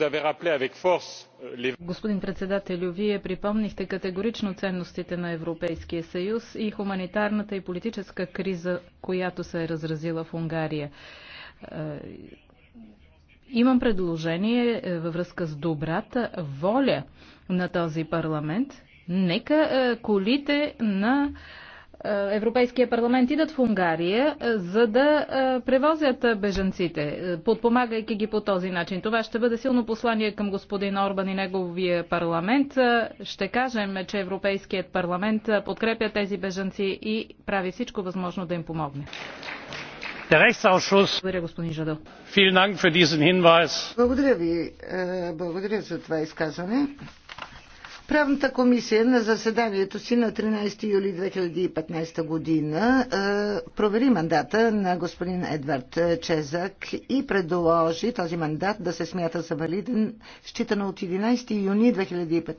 Euh, Господин председателю, вие припомнихте категорично ценностите на Европейския съюз и хуманитарната и политическа криза, която се е разразила в Унгария. Е, имам предложение е, във връзка с добрата воля на този парламент. Нека е, колите на е, Европейския парламент идат в Унгария, е, за да е, превозят бежанците, подпомагайки ги по този начин. Това ще бъде силно послание към господин Орбан и неговия парламент. Ще кажем, че Европейският парламент подкрепя тези бежанци и прави всичко възможно да им помогне. Благодаря, господин Жадо. Благодаря ви. Благодаря за това изказване. Правната комисия на заседанието си на 13 юли 2015 година провери мандата на господин Едвард Чезък и предложи този мандат да се смята за валиден, считано от 11 юни 2015